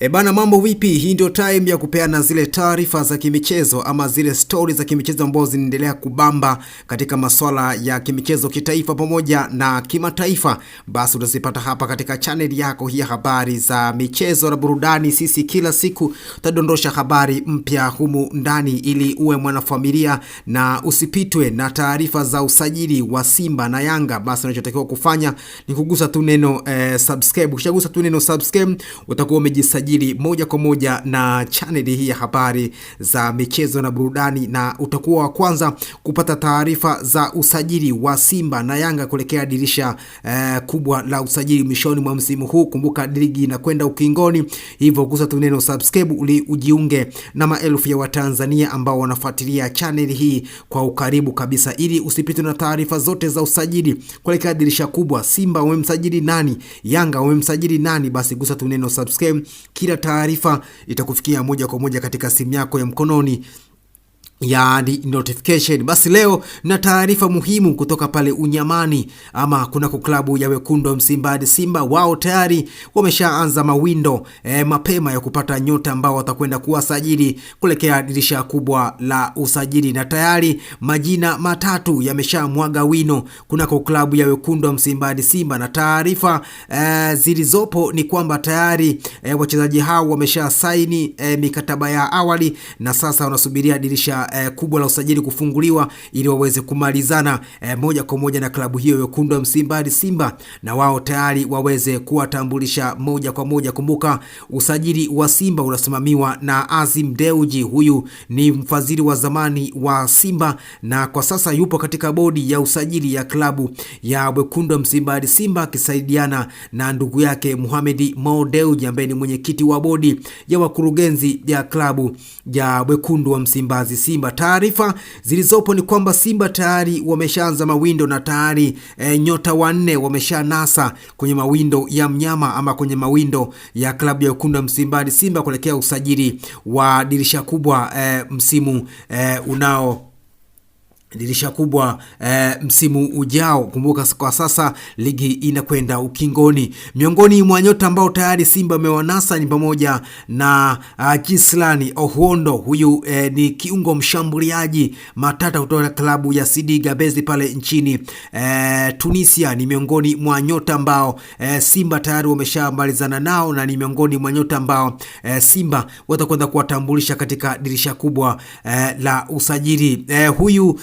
E bana, mambo vipi? Hii ndio time ya kupeana zile taarifa za kimichezo ama zile story za kimichezo ambazo zinaendelea kubamba katika maswala ya kimichezo kitaifa pamoja na kimataifa, basi utazipata hapa katika channel yako hii habari za michezo na burudani. Sisi kila siku tutadondosha habari mpya humu ndani ili uwe mwanafamilia na usipitwe na taarifa za usajili wa Simba na Yanga. Basi unachotakiwa kufanya ni kugusa tu neno eh, subscribe. Ukishagusa tu neno subscribe utakuwa umejisajili tunajadili moja kwa moja na chaneli hii ya habari za michezo na burudani, na utakuwa wa kwanza kupata taarifa za usajili wa Simba na Yanga kuelekea dirisha eh, kubwa la usajili mwishoni mwa msimu huu. Kumbuka ligi inakwenda ukingoni, hivyo gusa tu neno subscribe ili ujiunge na maelfu ya Watanzania ambao wanafuatilia chaneli hii kwa ukaribu kabisa, ili usipitwe na taarifa zote za usajili kuelekea dirisha kubwa. Simba wamemsajili nani? Yanga wamemsajili nani? Basi gusa tu neno subscribe kila taarifa itakufikia moja kwa moja katika simu yako ya mkononi yaani notification. Basi leo na taarifa muhimu kutoka pale Unyamani ama kunako klabu ya wekundu wa Msimbazi Simba. Wao tayari wameshaanza mawindo e, mapema ya kupata nyota ambao watakwenda kuwasajili kuelekea dirisha kubwa la usajili, na tayari majina matatu yameshamwaga wino kunako klabu ya wekundu wa Msimbazi Simba, na taarifa e, zilizopo ni kwamba tayari e, wachezaji hao wamesha saini e, mikataba ya awali na sasa wanasubiria dirisha eh, kubwa la usajili kufunguliwa ili waweze kumalizana eh, moja kwa moja na klabu hiyo wekundu wa Msimbazi Simba, na wao tayari waweze kuwatambulisha moja kwa moja. Kumbuka usajili wa Simba unasimamiwa na Azim Deuji, huyu ni mfadhili wa zamani wa Simba na kwa sasa yupo katika bodi ya usajili ya klabu ya wekundu wa Msimbazi Simba akisaidiana na ndugu yake Mohamed Mo Deuji ambaye ni mwenyekiti wa bodi ya wakurugenzi ya klabu ya wekundu wa Msimbazi Simba. Simba. Taarifa zilizopo ni kwamba Simba tayari wameshaanza mawindo na tayari e, nyota wanne wamesha nasa kwenye mawindo ya mnyama ama kwenye mawindo ya klabu ya ukunda Msimbani Simba kuelekea usajili wa dirisha kubwa e, msimu e, unao dirisha kubwa e, msimu ujao. Kumbuka kwa sasa ligi inakwenda ukingoni. Miongoni mwa nyota ambao tayari Simba amewanasa ni pamoja na ah, uh, Ohuondo. Huyu e, ni kiungo mshambuliaji matata kutoka klabu ya CD Gabezi pale nchini e, Tunisia. Ni miongoni mwa nyota ambao e, Simba tayari wameshamalizana nao na ni miongoni mwa nyota ambao e, Simba watakwenda kuwatambulisha katika dirisha kubwa e, la usajili e, huyu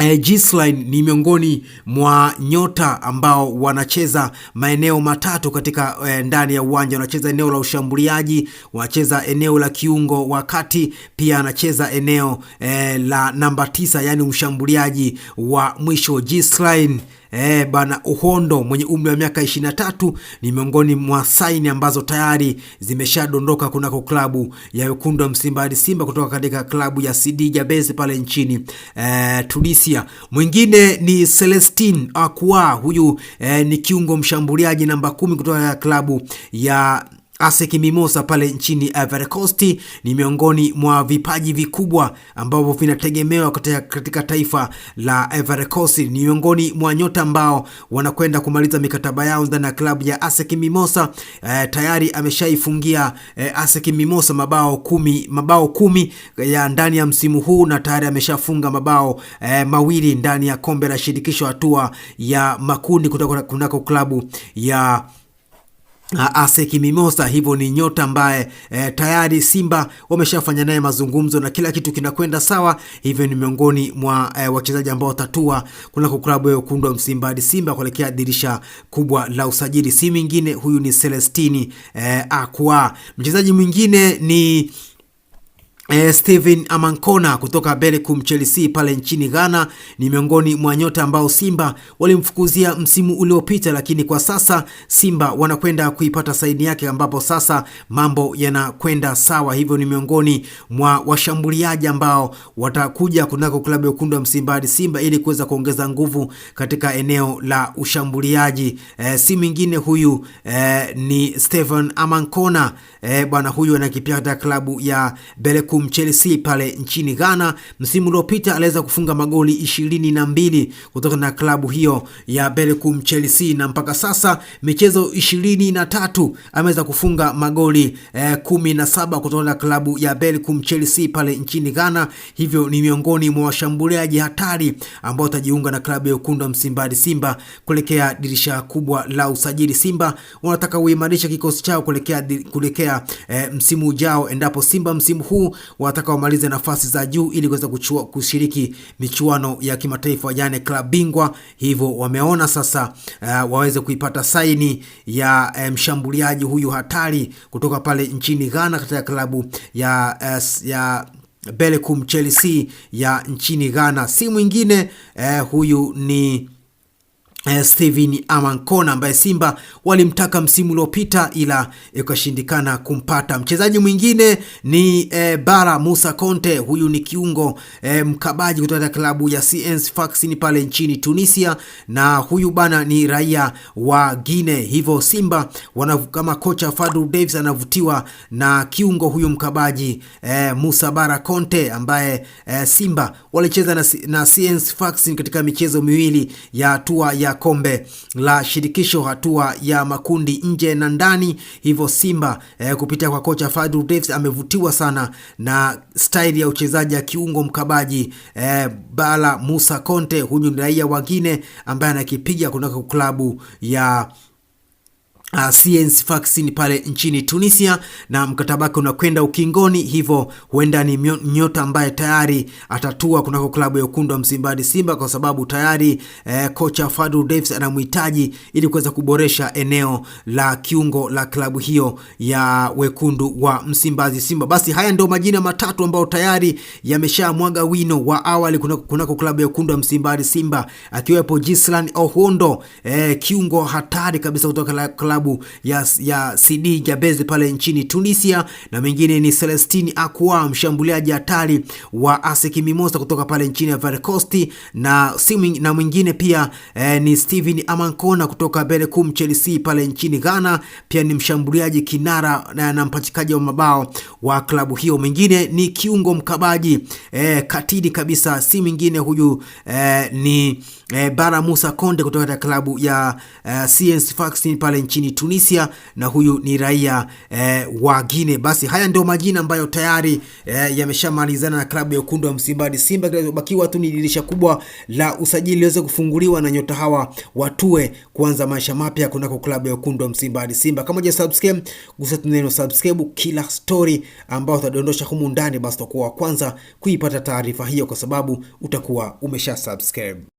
E, eh, Gisline ni miongoni mwa nyota ambao wanacheza maeneo matatu katika e, ndani ya uwanja. Wanacheza eneo la ushambuliaji, wanacheza eneo la kiungo wa kati, pia anacheza eneo e, la namba tisa, yaani mshambuliaji wa mwisho Gisline. E, eh, bana Uhondo mwenye umri wa miaka 23 ni miongoni mwa saini ambazo tayari zimeshadondoka kunako klabu ya wekundu wa Msimbazi Simba kutoka katika klabu ya CD Jabez pale nchini e, Tunisia. Mwingine ni Celestin Akua, huyu e, ni kiungo mshambuliaji namba kumi kutoka klabu ya Asec Mimosa pale nchini Ivory Coast ni miongoni mwa vipaji vikubwa ambavyo vinategemewa katika taifa la Ivory Coast. Ni miongoni mwa nyota ambao wanakwenda kumaliza mikataba yao ndani ya klabu ya Asec Mimosa. E, eh, tayari ameshaifungia e, eh, Asec Mimosa mabao kumi, mabao kumi eh, ya ndani ya msimu huu na tayari ameshafunga mabao e, mawili ndani ya kombe la shirikisho hatua ya makundi kutoka kunako klabu ya Aseki Mimosa, hivyo ni nyota ambaye e, tayari Simba wameshafanya naye mazungumzo na kila kitu kinakwenda sawa. Hivyo ni miongoni mwa e, wachezaji ambao watatua kunako klabu ya Wekundu wa Msimbazi Simba kuelekea dirisha kubwa la usajili. Si mwingine huyu ni Celestini e, eh, Aqua. Mchezaji mwingine ni E, Steven Amankona kutoka Belekum Chelsea pale nchini Ghana ni miongoni mwa nyota ambao Simba walimfukuzia msimu uliopita, lakini kwa sasa Simba wanakwenda kuipata saini yake, ambapo sasa mambo yanakwenda sawa. Hivyo ni miongoni mwa washambuliaji ambao watakuja kunako klabu ya ukundu wa Msimbazi Simba ili kuweza kuongeza nguvu katika eneo la ushambuliaji. E, si mwingine huyu e, ni Steven Amankona e, bwana huyu anakipata klabu ya Belekum huku Mchelsea pale nchini Ghana msimu uliopita aliweza kufunga magoli ishirini na mbili kutoka na klabu hiyo ya Belekum Chelsea, na mpaka sasa michezo ishirini na tatu ameweza kufunga magoli eh, kumi na saba kutoka na klabu ya Belekum Chelsea pale nchini Ghana. Hivyo ni miongoni mwa washambuliaji hatari ambao watajiunga na klabu ya wekundu wa Msimbazi Simba kuelekea dirisha kubwa la usajili. Simba wanataka kuimarisha kikosi chao kuelekea kuelekea eh, msimu ujao, endapo Simba msimu huu watakaomaliza nafasi za juu ili kuweza kushiriki michuano ya kimataifa, yani klab bingwa. Hivyo wameona sasa uh, waweze kuipata saini ya eh, mshambuliaji um, huyu hatari kutoka pale nchini Ghana katika klabu ya, uh, ya Belekum Chelsea ya nchini Ghana, si mwingine uh, huyu ni Eh, Steven Amankona ambaye Simba walimtaka msimu uliopita ila ikashindikana kumpata. Mchezaji mwingine ni e, Bara Musa Conte, huyu ni kiungo e, mkabaji kutoka klabu ya CNS Sfaxien pale nchini Tunisia, na huyu bana ni raia wa guine Hivyo Simba kama kocha Fadlu Davis anavutiwa na kiungo huyu mkabaji e, Musa Bara Conte ambaye e, Simba walicheza na, na CNS Sfaxien katika michezo miwili ya hatua ya ya kombe la shirikisho hatua ya makundi nje na ndani. Hivyo Simba eh, kupitia kwa kocha Fadlu Davids amevutiwa sana na staili ya uchezaji ya kiungo mkabaji eh, Bala Musa Conte. Huyu ni raia wa Guinea ambaye anakipiga kunako klabu ya Uh, ah, CNC vaccine pale nchini Tunisia na mkataba wake unakwenda ukingoni, hivyo huenda ni nyota ambaye tayari atatua kunako klabu ya Wekundu wa Msimbazi Simba, kwa sababu tayari eh, kocha Fadlu Davids anamhitaji ili kuweza kuboresha eneo la kiungo la klabu hiyo ya Wekundu wa Msimbazi Simba. Basi haya ndio majina matatu ambayo tayari yameshamwaga wino wa awali kunako, kunako klabu ya Wekundu wa Msimbazi Simba, akiwepo Gislain Ohondo eh, kiungo hatari kabisa kutoka klabu ya, ya CD Jabez pale nchini Tunisia, na mwingine ni Celestine Akwa, mshambuliaji hatari wa ASEC Mimosas kutoka pale nchini Ivory Coast, na simu na mwingine pia eh, ni Steven Amankona kutoka Belekum Chelsea pale nchini Ghana, pia ni mshambuliaji kinara na, na mpachikaji wa mabao wa klabu hiyo. Mwingine ni kiungo mkabaji eh, katidi kabisa, si mwingine huyu eh, ni eh, Bara Musa Konde kutoka klabu ya eh, CS Sfaxien pale nchini nchini Tunisia na huyu ni raia e, wa Gine. Basi haya ndio majina ambayo tayari e, yameshamalizana na klabu ya Wekundu wa Msimbazi Simba. Kinachobakiwa tu ni dirisha kubwa la usajili liweze kufunguliwa na nyota hawa watue kuanza maisha mapya kunako klabu ya Wekundu wa Msimbazi Simba. Kama je subscribe, gusa tu neno subscribe, kila story ambayo tutadondosha humu ndani, basi utakuwa wa kwanza kuipata taarifa hiyo, kwa sababu utakuwa umesha subscribe.